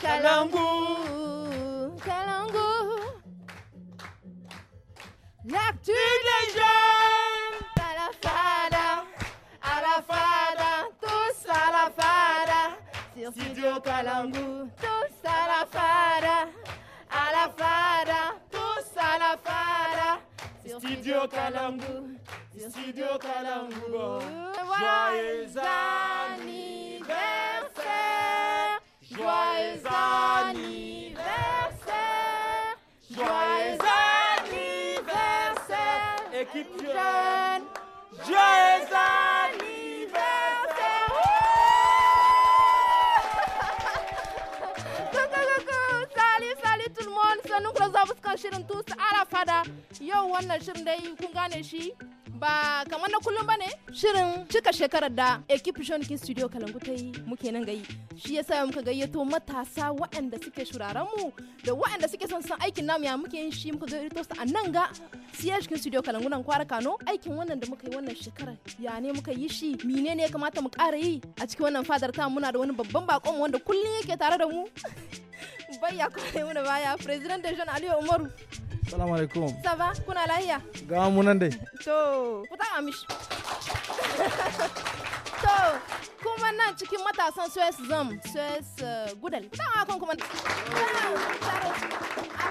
Calango. équipe jeune. Joyeux anniversaire! Coucou, coucou! Salut, salut tout le monde! Sanin ku da zaɓi su kan shirin tusa ala fada. Yau wannan shirin dai kun gane shi ba kamar na kullum ba ne shirin cika shekarar da ekip shonikin studio kalangu ta yi muke nan gayi shi yasa muka gayyato matasa waɗanda suke shuraren da waɗanda suke son san aikin namu ya muke yin shi muka gayyato su a nan ga siyar cikin studio kalangu nan kwara kano aikin wannan da muka yi wannan shekarar ya ne muka yi shi mine ne ya kamata mu ƙara yi a cikin wannan fadar ta muna da wani babban bakon wanda kullum yake tare da mu bayya mu muna baya president da john aliyu umaru Salam alaikum. Ça va? Kuna lahiya? Ga munan To, amish. kuma nan cikin matasan suez zam suez eh, gudal dama kan kuma a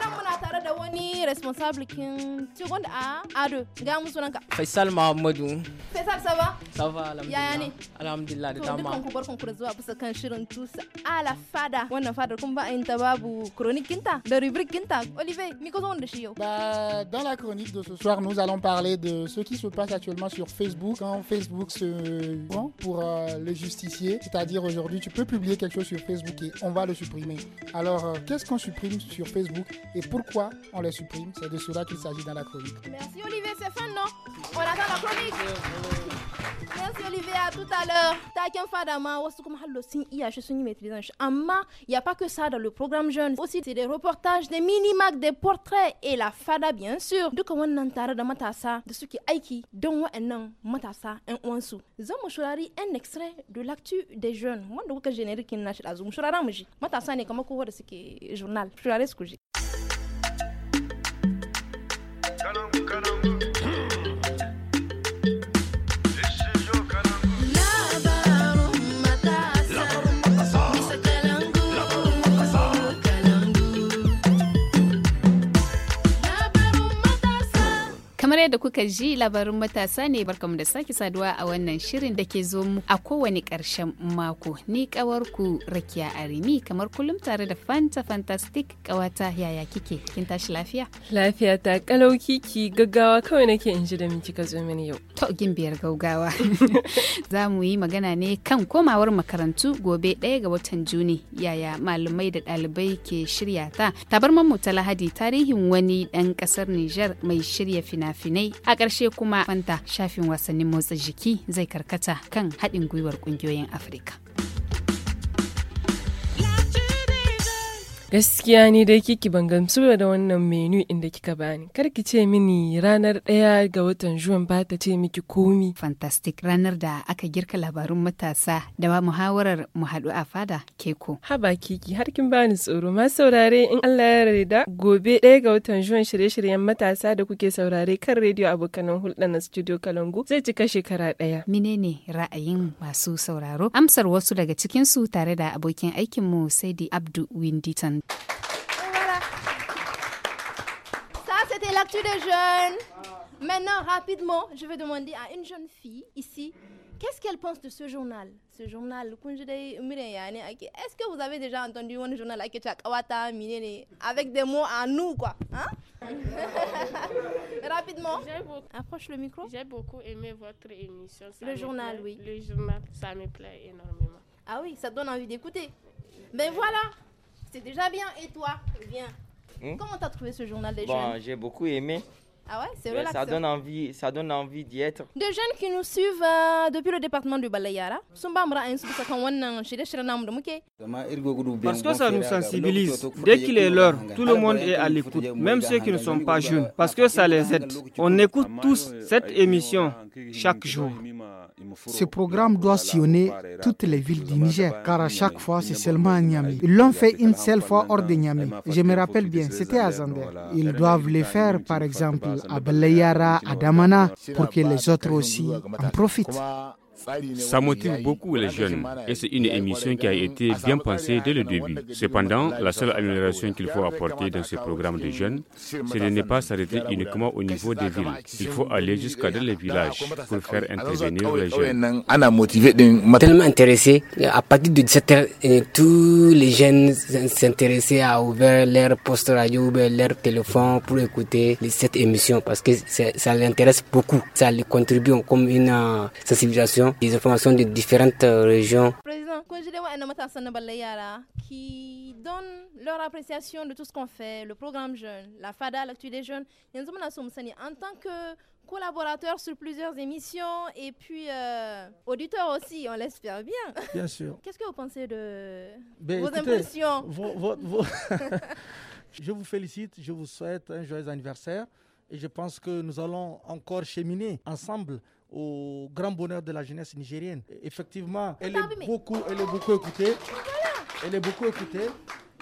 nan muna tare da wani responsable kin cikin a ado ga musu ranka faisal muhammadu faisal saba saba yaya ne alhamdulillah da dama to barkan ku zuwa bisa kan shirin tusa ala fada wannan fadar kun ba yin ta babu chronique kinta da rubrique kinta olivier mi ko da shi yau bah, dans la chronique de ce soir nous allons parler de ce qui se passe actuellement sur facebook quand hein, facebook se prend pour euh, le justicier C'est-à-dire aujourd'hui, tu peux publier quelque chose sur Facebook et on va le supprimer. Alors, euh, qu'est-ce qu'on supprime sur Facebook et pourquoi on le supprime C'est de cela qu'il s'agit dans la chronique. Merci Olivier, c'est fin, non On attend la chronique. Merci Olivier, à tout à l'heure. Fadama, il n'y a pas que ça dans le programme jeune. Aussi, c'est des reportages, des mini-macs, des portraits et la Fada, bien sûr. de kawan nantara da matasa, de ce qui aiki, don wa'annan matasa, en wansu. un un extrait de l'actu des jeunes. Moi, je que générique il n'a pas zoom Je suis comme quoi de ce qui est journal. Je suis à l'aise que j'ai. da kuka ji labarin matasa ne barkamu da sake saduwa a wannan shirin da ke zo mu a kowane ƙarshen mako. Ni ƙawarku Rakiya Arimi kamar kullum tare da Fanta Fantastic ƙawata yaya kike kin tashi lafiya? Lafiya ta kalau kiki gaggawa kawai nake in ji da min kika zo mini yau. To biyar gaugawa. Za mu yi magana ne kan komawar makarantu gobe ɗaya ga watan Juni yaya malamai da ɗalibai ke shirya ta. Tabarman mu ta Lahadi tarihin wani ɗan ƙasar Nijar mai shirya fina-finai bayanai a ƙarshe kuma fanta shafin wasannin motsa jiki zai karkata kan haɗin gwiwar ƙungiyoyin afirka Gaskiya ne dai kiki ban gamsu da wannan menu inda kika bani. Kar ki ce mini ranar ɗaya ga watan Juwan ba ta ce miki komi. Fantastic ranar da aka girka labarun matasa da ba muhawarar mu haɗu a fada keko. Haba kiki har kin bani tsoro ma saurare in Allah ya yarda gobe ɗaya ga watan Juwan shirye-shiryen matasa da kuke saurare kan rediyo abokanan hulɗa na studio Kalangu zai cika shekara ɗaya. Menene ra'ayin masu sauraro? Amsar wasu daga cikin su tare da abokin aikinmu Saidi Abdu Winditon. Voilà. Ça, c'était l'actu des jeunes. Maintenant, rapidement, je vais demander à une jeune fille ici, qu'est-ce qu'elle pense de ce journal Ce journal, est-ce que vous avez déjà entendu un journal avec des mots à nous, quoi hein? Rapidement. Approche le micro. J'ai beaucoup aimé votre émission. le journal, oui. Le journal, ça me plaît énormément. Ah oui, ça donne envie d'écouter. Ben voilà, c'est déjà bien. Et toi, viens. Comment t'as trouvé ce journal des bon, jeunes J'ai beaucoup aimé. Ah ouais, c'est relaxant. Ça donne envie, ça donne envie d'y être. Des jeunes qui nous suivent depuis le département du Balayara. Parce que ça nous sensibilise. Dès qu'il est l'heure, tout le monde est à l'écoute, même ceux qui ne sont pas jeunes, parce que ça les aide. On écoute tous cette émission chaque jour. Ce programme doit sillonner toutes les villes du Niger, car à chaque fois, c'est seulement à Niamey. Ils l'ont fait une seule fois hors de Niamey. Je me rappelle bien, c'était à Zander. Ils doivent le faire, par exemple, à Belayara, à Damana, pour que les autres aussi en profitent. Ça motive beaucoup les jeunes et c'est une émission qui a été bien pensée dès le début. Cependant, la seule amélioration qu'il faut apporter dans ce programme de jeunes, c'est de ne pas s'arrêter uniquement au niveau des villes. Il faut aller jusqu'à dans les villages pour faire intervenir les jeunes. Tellement intéressé, à partir de 17 tous les jeunes s'intéressaient à ouvrir leur poste radio, leur téléphone pour écouter cette émission parce que ça les intéresse beaucoup. Ça les contribue comme une euh, sensibilisation informations, des informations de différentes euh, régions. Président, quand je qui donne leur appréciation de tout ce qu'on fait, le programme jeune, la FADA, l'actu des jeunes, en tant que collaborateur sur plusieurs émissions et puis euh, auditeur aussi, on l'espère bien. Bien sûr. Qu'est-ce que vous pensez de ben, vos impressions Je vous félicite, je vous souhaite un joyeux anniversaire et je pense que nous allons encore cheminer ensemble au grand bonheur de la jeunesse nigérienne. Effectivement, elle est, beaucoup, elle est beaucoup écoutée. Elle est beaucoup écoutée.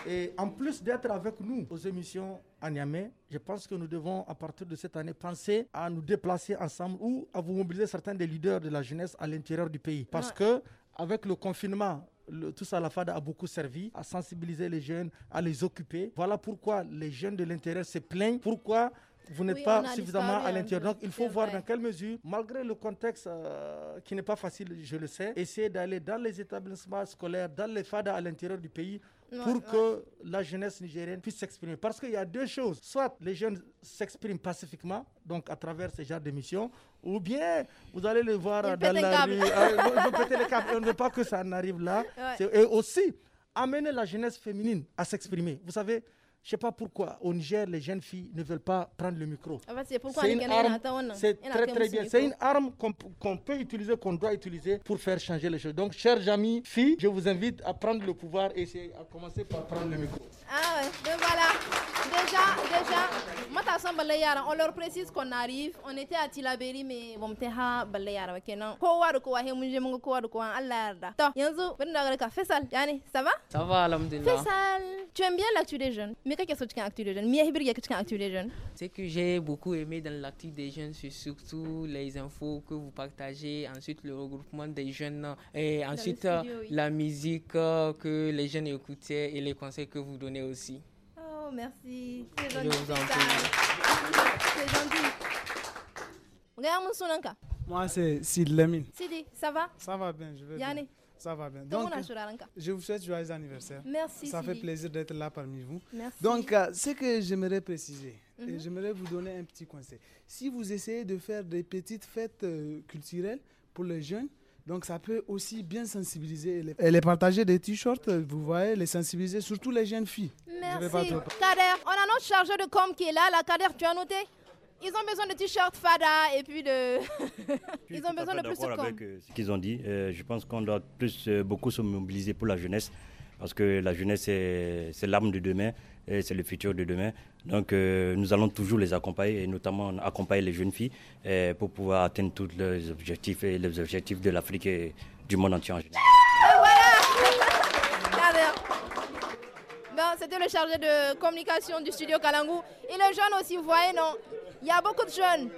Et en plus d'être avec nous aux émissions à Niamey, je pense que nous devons, à partir de cette année, penser à nous déplacer ensemble ou à vous mobiliser certains des leaders de la jeunesse à l'intérieur du pays. Parce que, avec le confinement, tout ça, la FAD a beaucoup servi à sensibiliser les jeunes, à les occuper. Voilà pourquoi les jeunes de l'intérieur se plaignent, pourquoi vous n'êtes pas suffisamment à l'intérieur. Donc, il faut voir dans quelle mesure, malgré le contexte euh, qui n'est pas facile, je le sais, essayer d'aller dans les établissements scolaires, dans les fadas à l'intérieur du pays pour que la jeunesse nigérienne puisse s'exprimer. Parce qu'il y a deux choses. Soit les jeunes s'expriment pacifiquement, donc à travers ces genres d'émissions, ou bien vous allez les voir dans la rue. Ah, ils vont péter les câbles. on ne veut pas que ça n'arrive là. Et aussi, amener la jeunesse féminine à s'exprimer. Vous savez, je ne sais pas pourquoi au Niger, les jeunes filles ne veulent pas prendre le micro. c'est une arme, très, très bien. C'est une arme qu'on peut utiliser, qu'on doit utiliser pour faire changer les choses. Donc, chers amis, filles, je vous invite à prendre le pouvoir et à commencer par prendre le micro. Ah ouais, donc ben voilà. Déjà, déjà, moi t'as balayara. On leur précise qu'on arrive. On était à Tilaberi, mais bon, t'es à balayara, ok non. Kowa de kowa, he muje mungo kowa de kowa, Allah da. Toi, Yanzo, ben ka, Fessal, yani, ça va? Ça va, alhamdulillah. Fessal, tu aimes bien l'actu des jeunes. Mais qu'est-ce que tu as actu des jeunes? Mia Hibir, qu'est-ce actu des jeunes? Ce que j'ai beaucoup aimé dans l'actu des jeunes, c'est surtout les infos que vous partagez, ensuite le regroupement des jeunes, et ensuite euh, la musique euh, que les jeunes écoutaient et les conseils que vous donnez aussi. Oh, merci. C'est Regarde mon Moi, c'est Sid Lemine. ça va Ça va bien, je vais Ça va bien. Donc, je vous souhaite joyeux anniversaire. Merci. Ça fait plaisir d'être là parmi vous. Donc, euh, ce que j'aimerais préciser, mhm. j'aimerais vous donner un petit conseil. Si vous essayez de faire des petites fêtes euh, culturelles pour les jeunes, donc ça peut aussi bien sensibiliser les... et les partager des t-shirts, vous voyez, les sensibiliser, surtout les jeunes filles. Merci. Kader, on a notre chargeur de com qui est là. La Kader, tu as noté ils ont besoin de t-shirts fada et puis de. Ils ont besoin de plus de com. Avec euh, ce qu'ils ont dit, euh, je pense qu'on doit plus euh, beaucoup se mobiliser pour la jeunesse parce que la jeunesse c'est l'arme de demain et c'est le futur de demain. Donc nous allons toujours les accompagner et notamment accompagner les jeunes filles pour pouvoir atteindre tous les objectifs et les objectifs de l'Afrique et du monde entier en général. C'était le chargé de communication du studio Kalangu. Et les jeunes aussi, vous voyez, non Il y a beaucoup de jeunes.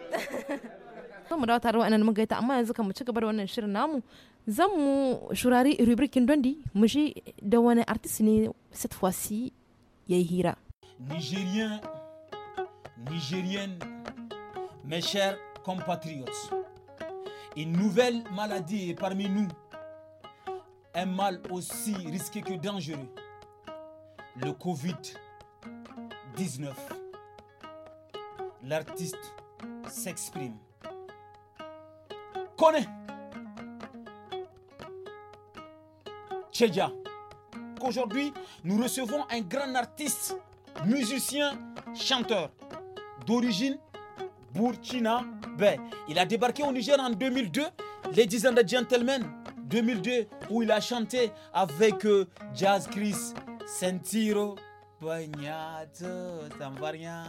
mu mun gaita amma yanzu mu wannan namu zan mu shurari rubrikin dondi mu shi da cette fois-ci Nigériens, Nigérien, mes chers compatriotes, une nouvelle maladie est parmi nous, un mal aussi risqué que dangereux, le Covid-19. L'artiste s'exprime. Connais Tchédia. Aujourd'hui, nous recevons un grand artiste, musicien, chanteur d'origine Faso. Il a débarqué au Niger en 2002, Ladies and Gentlemen, 2002, où il a chanté avec euh, Jazz Chris, Sentiro, Bagnato, Zambaria,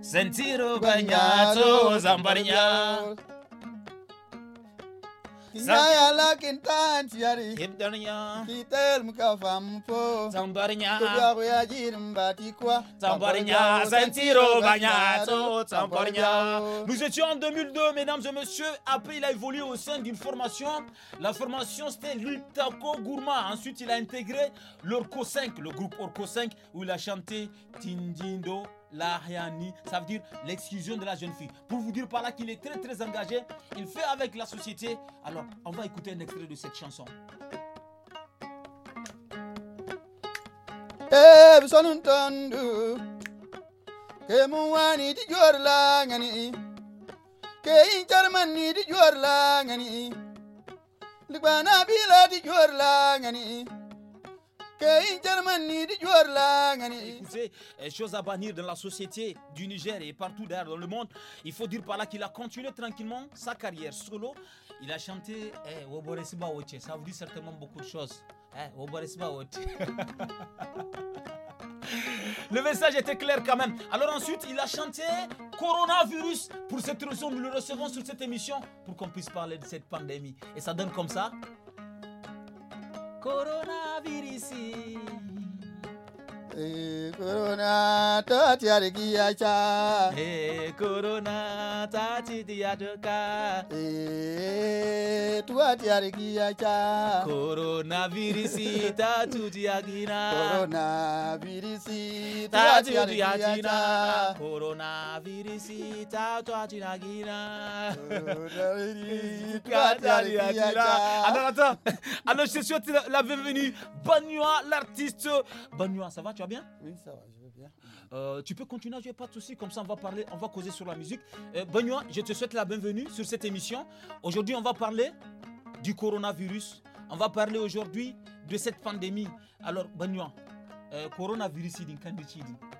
Sentiro, Bagnato, Zambaria. Nous étions en 2002 mesdames et messieurs Après il a évolué au sein d'une formation La formation c'était l'Ultaco Gourma Ensuite il a intégré l'Orco 5 Le groupe Orco 5 où il a chanté Tindindo l'ariani, ça veut dire l'exclusion de la jeune fille. Pour vous dire par là qu'il est très très engagé, il fait avec la société. Alors, on va écouter un extrait de cette chanson. Eh, chose à bannir dans la société du Niger et partout d'ailleurs dans le monde. Il faut dire par là qu'il a continué tranquillement sa carrière solo. Il a chanté eh, ça vous dit certainement beaucoup de choses. Eh, le message était clair quand même. Alors ensuite, il a chanté Coronavirus. Pour cette raison, nous le recevons sur cette émission pour qu'on puisse parler de cette pandémie. Et ça donne comme ça. coronavírus. corona ta ti ar gi ya eh, corona ta ti di ya de ka e eh, tu ti ar gi corona virus ta tu di ya gi na corona virus ta tu di ya gi na corona virus ta tu di gi na corona virus ta tu di ya gi na alors attends alors je suis sûr tu l'avais venu l'artiste l'artiste nuit ça va bien Oui, ça va, je vais bien. Euh, tu peux continuer je n'ai pas de soucis. Comme ça, on va parler, on va causer sur la musique. Euh, Benoît, je te souhaite la bienvenue sur cette émission. Aujourd'hui, on va parler du coronavirus. On va parler aujourd'hui de cette pandémie. Alors, Benoît, euh, coronavirus, il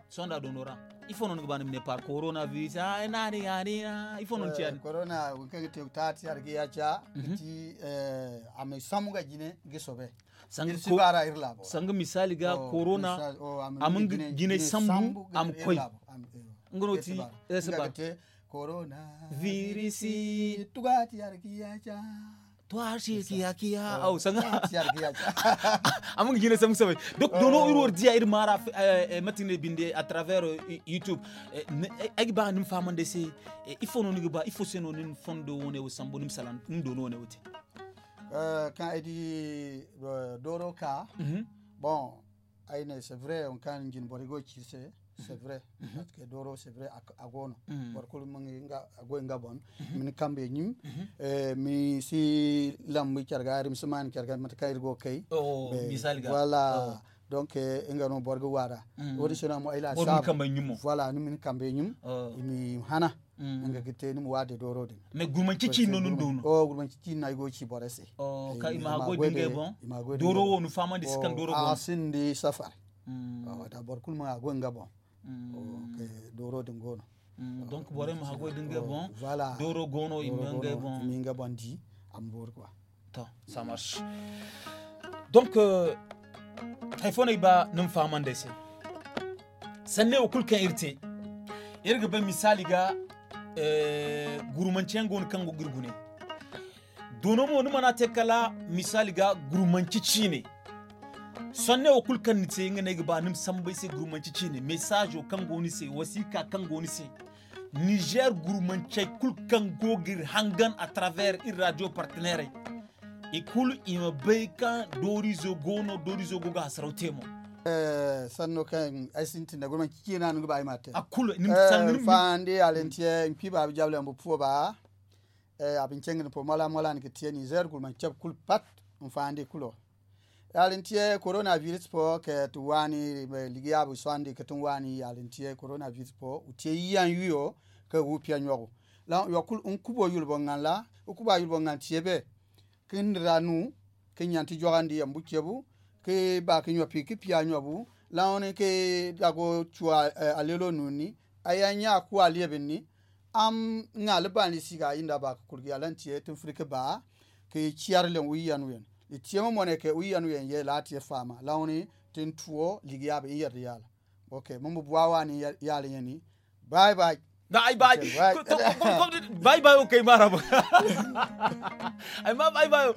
sonda donora ifo non gbanim ne pas coronavirus ay par yari ifo non tiani corona ko ti sanga misali ga oh, corona oh, amin gine sambu am koy eh, oh, ngonoti esba corona virisi tugati yarkiyacha tuashi kiya kiya au sanga amun gine sam sabai donc dono uror dia ir mara eh, eh, matine binde a travers youtube ag ba nim famande se il faut non ba il faut se non fondo wone wo sambu nim salan nim dono wone wote euh, quand il dit euh, Doroka, mhm. bon, c'est vrai, on kan ngin borigo chise, mhm. c'est vrai. Mm -hmm. Parce que Doro, c'est vrai, agono. Borkul mhm. manginga nga bon. Min kambe nyim, mi si lambi charga, rimsuman charga, matakair go kei. Oh, ga Voilà. Oh. donc inga euh, no borgo wara. Mm. Odi sona mo ila sab. Borgo kambe nyimo. Voilà, min kambe nyim. Oh. Mi hana. Mm-hmm. nga gite ni de doro de. me gurman kici no nun dono o gurman oh, kici na go ci borese o oh, eh, ka ima go ge bon doro wonu fama de sikan oh, doro bon asin de safar mm. o da bor kul ma go nga bon mm. o ke doro de ngono. Mm, donc bore ma go dinge bon voilà doro gono ima nga bon mi nga bon di am bor quoi ta ça marche donc hay fo ba num fama de se sanne o kan irte irga ba misali ga Eh, gurumanciyan goni kango gurgune donomo nima te kala misali ga gurumanci cine sonne o kul kan nitse ngene ga se gurumanci cine message o kango ni se wasika kango ni se niger gurumanci kul kan gogir hangan a travers ir radio partenaire e kul ima kan dorizo gono dorizo goga Eh, sanno kan asintinda gorma kikina nugo ba mate akulo ni sanni fandi alentie pi ba jable eh, ambo po ba abin kengen po mala mala ni kitie ni zer gorma chap kul pat mfandi kulo alentie coronavirus po ke tuwani ligi abu swandi ke tuwani alentie coronavirus po utie yan yuyo ke wupia nyogo la yokul unkubo yulbo ngala ukuba yulbo ngantiebe kindra nu kenyanti jogandi ambu ke ba ke nyopi ke pia nyobu la one ke dago chua eh, alelo nuni aya nya ku aliebe ni am nga lebani siga inda ba kulgi alanti etun frike ba ke chiar le wiyanu e yen itiemo e ne ke wiyanu e yen ye latie fama la one tin tuo ligiabe yer yala okay mumbu bwawani yale yeni bye bye Bye bye. Bye bye okay marhaba. Ay ma bye bye.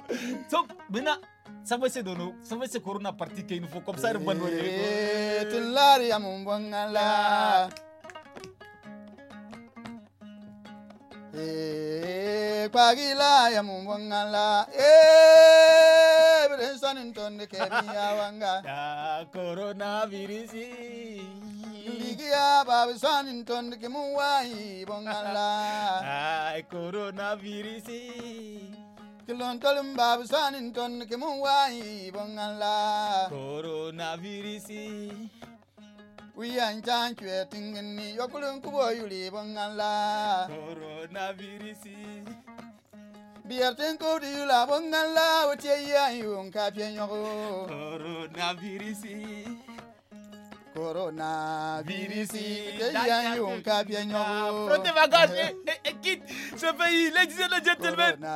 Çok bina ça va se donner, ça va se courir une partie qu'il nous faut comme ça une bonne nouvelle. Tu l'as à mon bon gala. Pagila ya mungwangala eh brensan intonde kemia wanga corona virisi. ligia babisan intonde kemuwa ibongala ai virisi. Kilon tolum babu sanin ton k e m u n wayi bon a l l a Coronavirus. w i a n can kwe tingin ni yokulun kubo yuli bon a l l a Coronavirus. b i a r ten ko di l a bon a l l a wote y a yun k a p y a n yoko. s Coronavirus. Corona, eh, eh, and gentlemen.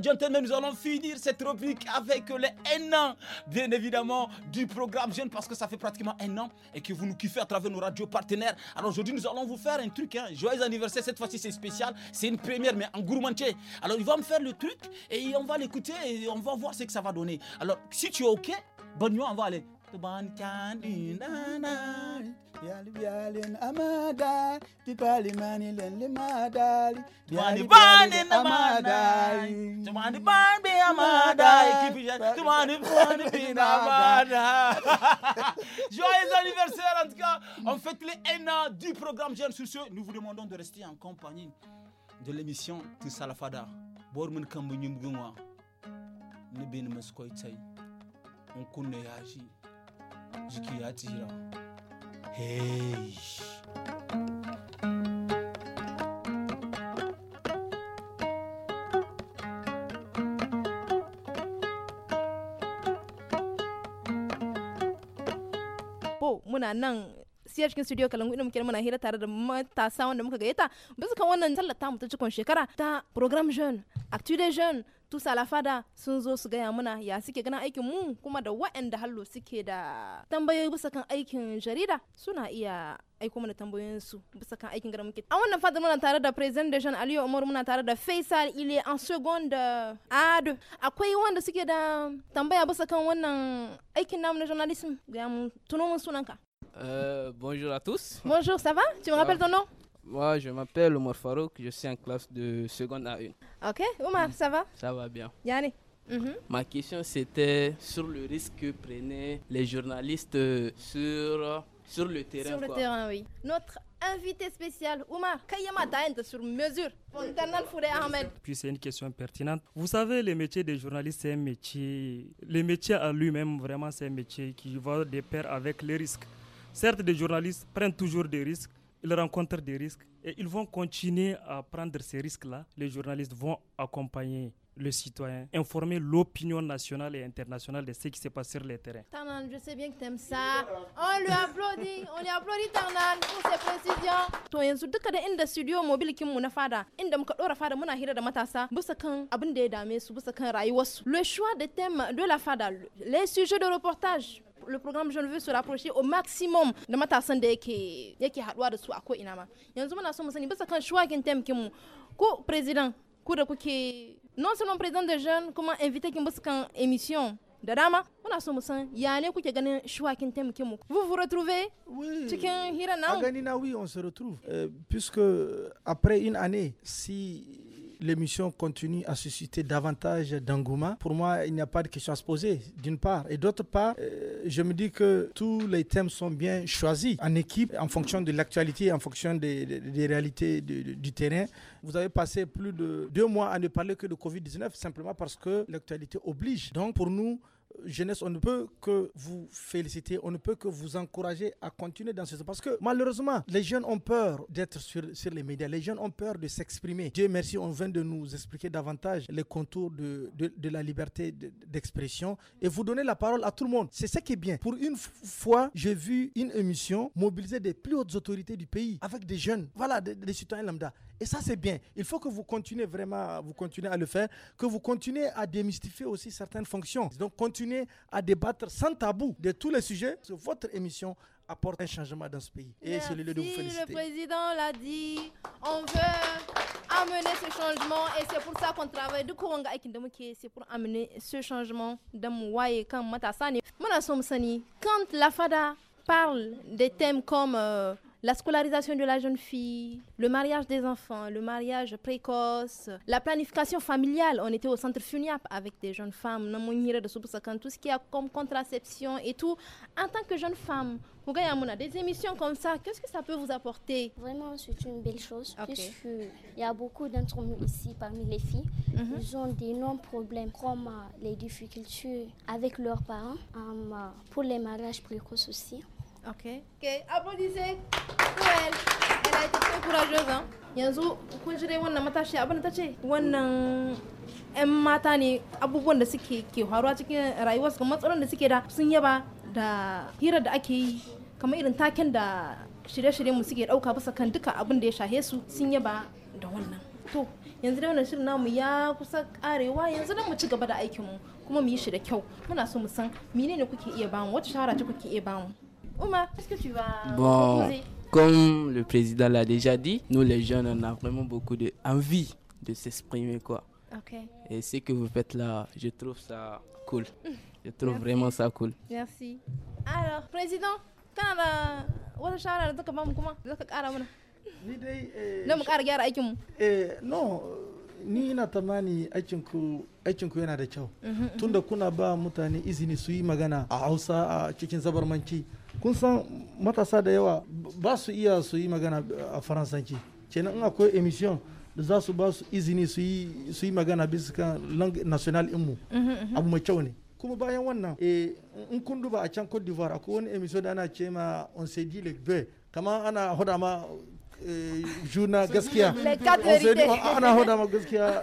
gentlemen, nous allons finir cette rubrique avec les 1 bien évidemment, du programme Jeune, parce que ça fait pratiquement un an et que vous nous kiffez à travers nos radios partenaires. Alors aujourd'hui, nous allons vous faire un truc, hein. joyeux anniversaire, cette fois-ci c'est spécial, c'est une première, mais en gourmandier. Alors il va me faire le truc et on va l'écouter et on va voir ce que ça va donner. Alors si tu es OK, bonne on va aller. Joyeux anniversaire en tout cas. On fête les 1 an du programme Jeune sur Nous vous demandons de rester en compagnie de l'émission Tous Salafada. Bormen Fada. ni bin maskoi in kunna yashi jiki ya tsira muna nan siyar cikin studio kalangu ina muke muna hira tare da matasa wanda muka gayyata bisa kan wannan tallata mu ta cikon shekara ta program jeune actu des jeunes tusa la sun sunzo su gaya muna ya suke ganin aikin mu kuma da wa'anda hallo suke da tambayoyi bisa kan aikin jarida suna iya aiko mana tambayoyinsu bisa kan aikin gara muke a wannan fadar muna tare da president de jean aliyu umar muna tare da faisal ile en seconde ado akwai wanda suke da tambaya bisa kan wannan aikin namu na journalism ga mu tuno mun sunanka Euh, bonjour à tous. Bonjour, ça va Tu me rappelles ton nom moi, je m'appelle Omar Farouk, je suis en classe de seconde à une. Ok, Omar, ça va Ça va bien. Yannick. Mhm. Ma question c'était sur le risque que prenaient les journalistes euh, sur, sur le terrain. Sur le terrain, oui. Notre invité spécial, Omar Kayama sur mesure. Puis c'est une question pertinente. Vous savez, le métier des journalistes, c'est un métier. Le métier à lui-même, vraiment, c'est un métier qui va de pair avec les risques. Certes, les journalistes prennent toujours des risques ils rencontrent des risques et ils vont continuer à prendre ces risques-là. Les journalistes vont accompagner le citoyen, informer l'opinion nationale et internationale de ce qui se passe sur les terrains. Tanan, je sais bien que t'aimes ça. On lui applaudit, on lui applaudit Tanan pour ses précisions. To duka studio mobile na fada, inda muka dora fada muna hira da matasa bisa kan abin da ya dame su, bisa Le choix des thèmes de la fada, les sujets de reportage le programme jeune veut se rapprocher au maximum de matasan da yake yake haduwa da su a ko ina ma yanzu muna so mu sani bisa kan shuwagin temkin mu ko président, ku da kuke non seulement président de jeunes comment inviter kin bisa kan émission da dama muna so mu san ya ne kuke ganin shuwakin taimakin mu vous vous retrouvez oui. Tu hira na a gani na oui on se retrouve euh, puisque après une année si l'émission continue à susciter davantage d'engouement, pour moi, il n'y a pas de question à se poser, d'une part. Et d'autre part, euh, je me dis que tous les thèmes sont bien choisis en équipe, en fonction de l'actualité, en fonction des, réalités du, du, terrain. Vous avez passé plus de deux mois à ne parler que de Covid-19, simplement parce que l'actualité oblige. Donc, pour nous, jeunesse, on ne peut que vous féliciter, on ne peut que vous encourager à continuer dans ce sens. Parce que malheureusement, les jeunes ont peur d'être sur, les médias, les jeunes ont peur de s'exprimer. Dieu merci, on vient de nous expliquer davantage les contours de, la liberté d'expression et vous donner la parole à tout le monde. C'est ce qui est bien. Pour une fois, j'ai vu une émission mobiliser des plus hautes autorités du pays avec des jeunes, voilà, des citoyens lambda. Et ça, c'est bien. Il faut que vous continuez vraiment, vous continuez à le faire, que vous continuez à démystifier aussi certaines fonctions. Donc, continuez à débattre sans tabou de tous les sujets. votre émission apporte un changement dans ce pays. Et c'est le lieu de vous féliciter. Le président l'a dit, on veut amener ce changement et c'est pour ça qu'on travaille. Du coup, on c'est pour amener ce changement dans quand Quand la FADA parle des thèmes comme euh, la scolarisation de la jeune fille, le mariage des enfants, le mariage précoce, la planification familiale. On était au centre FUNIAP avec des jeunes femmes, tout ce qui a comme contraception et tout. En tant que jeune femme, a des émissions comme ça, qu'est-ce que ça peut vous apporter Vraiment, c'est une belle chose. Il y a beaucoup d'entre nous ici, parmi les filles, qui mhm. ils ont des non problèmes comme euh, les difficultés avec leurs parents, euh, pour les mariages précoces aussi. Ok. Ok, applaudissez pour elle. Elle a été très courageuse. Hein? Yanzu kun shirya wannan matashi abin da ta ce wannan 'yan mata ne abubuwan da suke ke faruwa cikin rayuwarsu kamar matsalolin da suke da sun yaba da hira da ake yi kamar irin taken da shirye-shiryen mu suke dauka bisa kan duka abin da ya shahe su sun yaba da wannan to yanzu da wannan shirin namu ya kusa karewa yanzu nan mu ci gaba da aikin mu kuma mu yi shi da kyau muna so mu san menene kuke iya bamu wacce shawara ce kuke iya bamu Ouma, est-ce que tu vas bon, Comme le président l'a déjà dit, nous les jeunes, on a vraiment beaucoup d'envie de s'exprimer quoi. Et ce que vous faites là, je trouve ça cool. Je trouve vraiment ça cool. Merci. Alors, président, quand vous eh, allez ni ina tamani aikinku yana da kyau mm-hmm, mm-hmm. tunda kuna ba mutane izini su yi magana a hausa a cikin zabarmanci kun san matasa da yawa ba su iya su yi magana a faransanci kenan in akwai emission da za su ba su izini su yi magana bisa kan lang national inmu mm-hmm, abu mai kyau ne kuma bayan wannan eh, in kun duba a can cote d'ivoire akwai wani emission da ana ce ma on se dit le kamar ana hoda ma Eh, juna gaskiya ana hoda ma gaskiya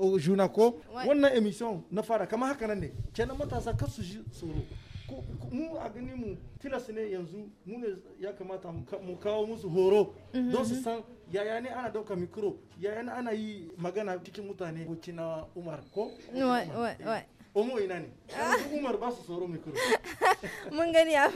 euh, juna ko wannan emission na fara kama haka nan ne kenan matasa kar su ji tsoro mu a gani mu tilas ne yanzu mu ne ya kamata mu kawo musu horo mhm, don su mhm. san yaya ne ana dauka mikro yaya ne ana yi magana cikin mutane na umar ko Omo ne? Umar micro. gani a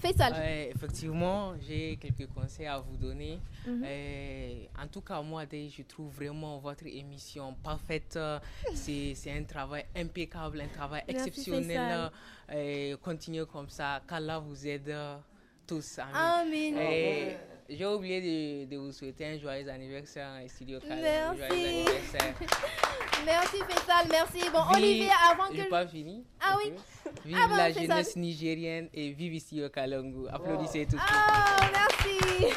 Faisal. Euh, effectivement, j'ai quelques conseils à vous donner. Mhm. Euh, en tout cas, moi, je trouve vraiment votre émission parfaite. C'est un travail impeccable, un travail exceptionnel. Euh, continuez comme ça. car là, vous aide euh, tous. Amen. Amen. Euh, ah, j'ai oublié de, vous souhaiter un joyeux anniversaire à Studio Cali. Merci. merci Fessal, merci. Bon, Olivier, avant que... Je pas fini. Ah oui. Vive ah bah, la jeunesse nigérienne et vive ici au Kalangu. Applaudissez tous. tout oh, ah, merci.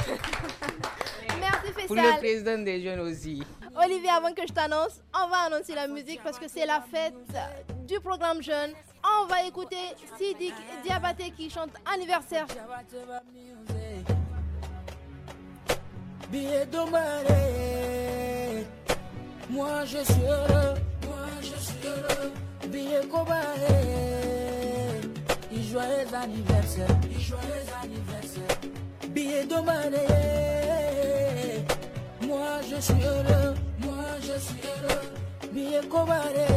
merci Faisal. Pour le président des jeunes aussi. Olivier, avant que je t'annonce, on va annoncer la musique parce que c'est la fête du programme jeune. On va écouter Sidik Diabaté qui chante anniversaire billet d'ombalé. Moi je suis heureux, moi je suis heureux, billet combalé. Et joyeux anniversaire, et joyeux anniversaire, billet d'ombalé. Moi je suis heureux, moi je suis heureux, billet combalé.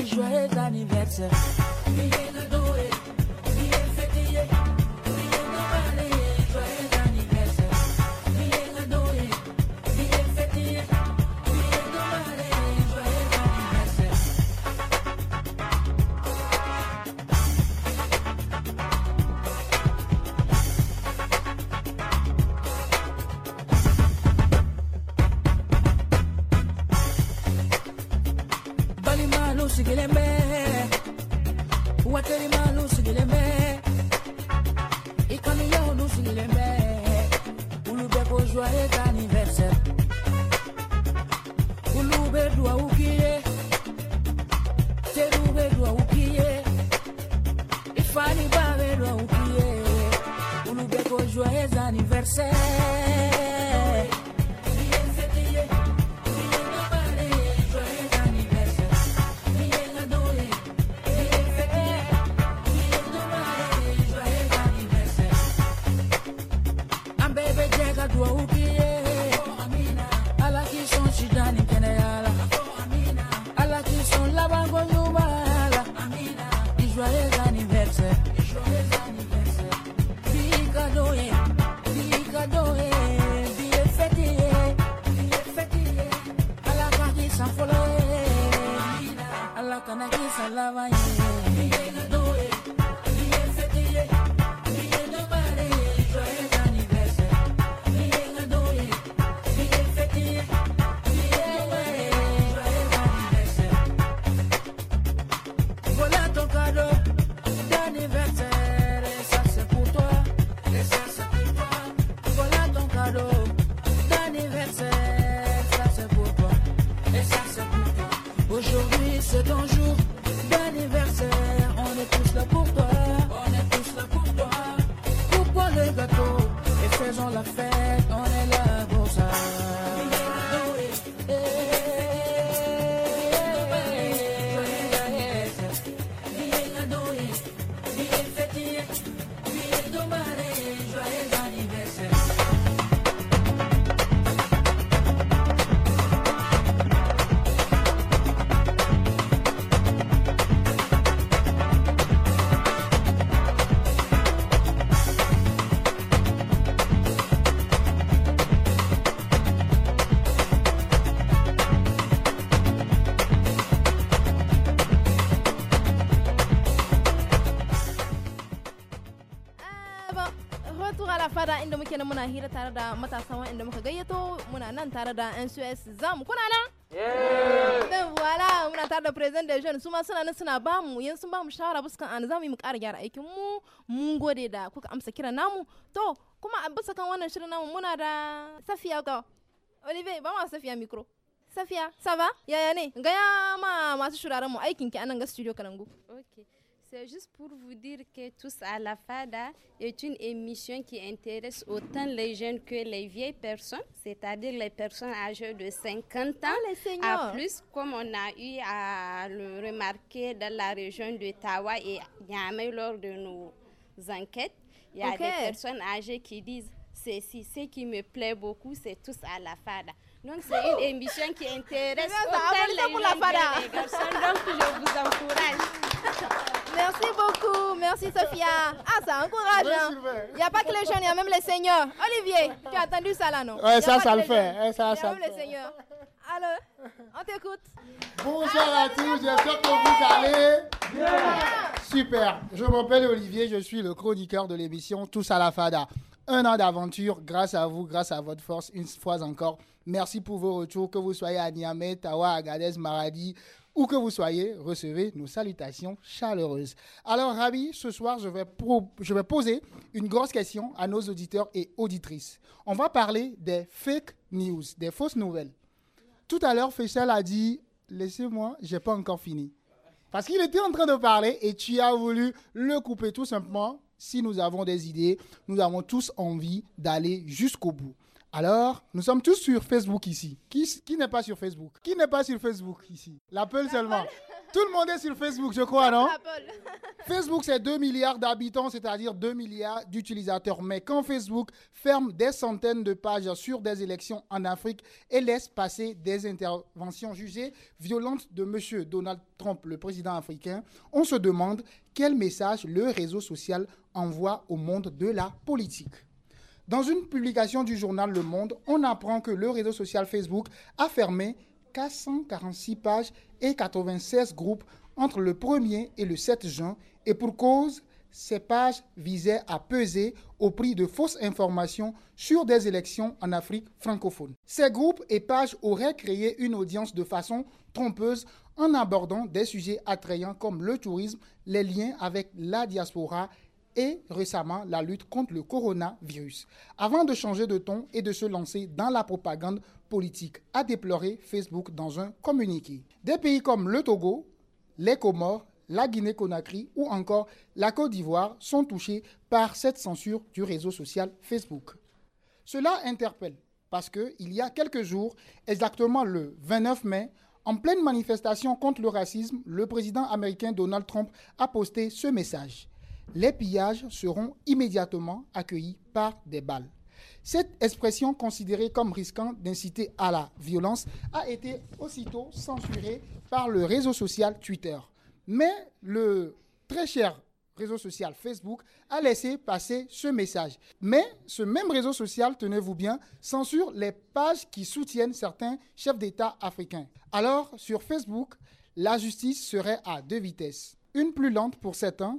Et joyeux anniversaire, é o que é. O lugar que hoje é aniversário. love I want you. ba retour à la fada inda muke nan muna hira tare da matasa inda muka gayyato muna nan tare da NCS zamu kuna nan Dan wala muna tare da president da jeune su ma suna nan suna ba mu yan sun ba mu shawara buskan an zamu yi mu ƙara gyara aikin mu mun gode da kuka amsa kiran namu to kuma a bisa kan wannan shirin namu muna da Safiya ga Olivier ba ma Safiya micro Safiya ça va yaya ne gaya ma masu shuraren mu aikin ki anan ga studio Kalangu okay C'est juste pour vous dire que Tous à la Fada est une émission qui intéresse autant les jeunes que les vieilles personnes, c'est-à-dire les personnes âgées de 50 ans oh, à plus, comme on a eu à le remarquer dans la région de Tawa et Niamey lors de nos enquêtes. Il y a des personnes âgées qui disent ceci. ce qui me plaît beaucoup, c'est Tous à la Fada. Donc c'est une émission qui intéresse autant les jeunes que les garçons. Donc je vous encourage. Merci beaucoup, merci Sophia. Ah, ça encourage. Il n'y hein. a pas que les jeunes, il y a même les seigneurs. Olivier, tu as attendu ça là, non Oui, ça, ça le fait. ça ça on t'écoute. Bonjour à, à tous, j'espère que vous allez bien. Super, je m'appelle Olivier, je suis le chroniqueur de l'émission Tous à la Fada. Un an d'aventure, grâce à vous, grâce à votre force, une fois encore. Merci pour vos retours, que vous soyez à Niamey, Tawa, Agadez, Maradi, où que vous soyez, recevez nos salutations chaleureuses. Alors, ravi ce soir, je vais, je vais poser une grosse question à nos auditeurs et auditrices. On va parler des fake news, des fausses nouvelles. Tout à l'heure, Fischel a dit Laissez-moi, j'ai pas encore fini. Parce qu'il était en train de parler et tu as voulu le couper tout simplement. Si nous avons des idées, nous avons tous envie d'aller jusqu'au bout. Alors, nous sommes tous sur Facebook ici. Qui, n'est pas sur Facebook Qui n'est pas sur Facebook ici L'Apple seulement. Tout le monde est sur Facebook, je crois, non Facebook, c'est 2 milliards d'habitants, c'est-à-dire 2 milliards d'utilisateurs. Mais quand Facebook ferme des centaines de pages sur des élections en Afrique et laisse passer des interventions jugées violentes de M. Donald Trump, le président africain, on se demande quel message le réseau social envoie au monde de la politique. Dans une publication du journal Le Monde, on apprend que le réseau social Facebook a fermé 446 pages et 96 groupes entre le 1er et le 7 juin et pour cause, ces pages visaient à peser au prix de fausses informations sur des élections en Afrique francophone. Ces groupes et pages auraient créé une audience de façon trompeuse en abordant des sujets attrayants comme le tourisme, les liens avec la diaspora et récemment la lutte contre le coronavirus. Avant de changer de ton et de se lancer dans la propagande politique, a déploré Facebook dans un communiqué. Des pays comme le Togo, les Comores, la Guinée-Conakry ou encore la Côte d'Ivoire sont touchés par cette censure du réseau social Facebook. Cela interpelle parce qu'il y a quelques jours, exactement le 29 mai, en pleine manifestation contre le racisme, le président américain Donald Trump a posté ce message les pillages seront immédiatement accueillis par des balles. Cette expression considérée comme risquant d'inciter à la violence a été aussitôt censurée par le réseau social Twitter. Mais le très cher réseau social Facebook a laissé passer ce message. Mais ce même réseau social, tenez-vous bien, censure les pages qui soutiennent certains chefs d'État africains. Alors, sur Facebook, la justice serait à deux vitesses. Une plus lente pour certains,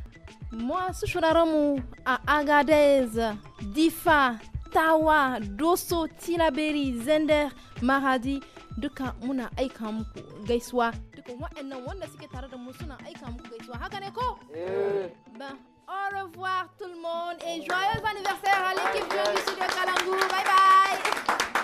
Moi, Souchounaramu, à Agadez, Difa, Tawa, Dosso, Tilaberi, Zender, Maradi, duka muna aika muku gaisuwa. Duka waɗannan wanda suke tare da mu suna aika muku gaisuwa. Haka ne ko? Eh. Ben, au revoir tout le monde et joyeux anniversaire à l'équipe du studio Kalangu. Bye bye!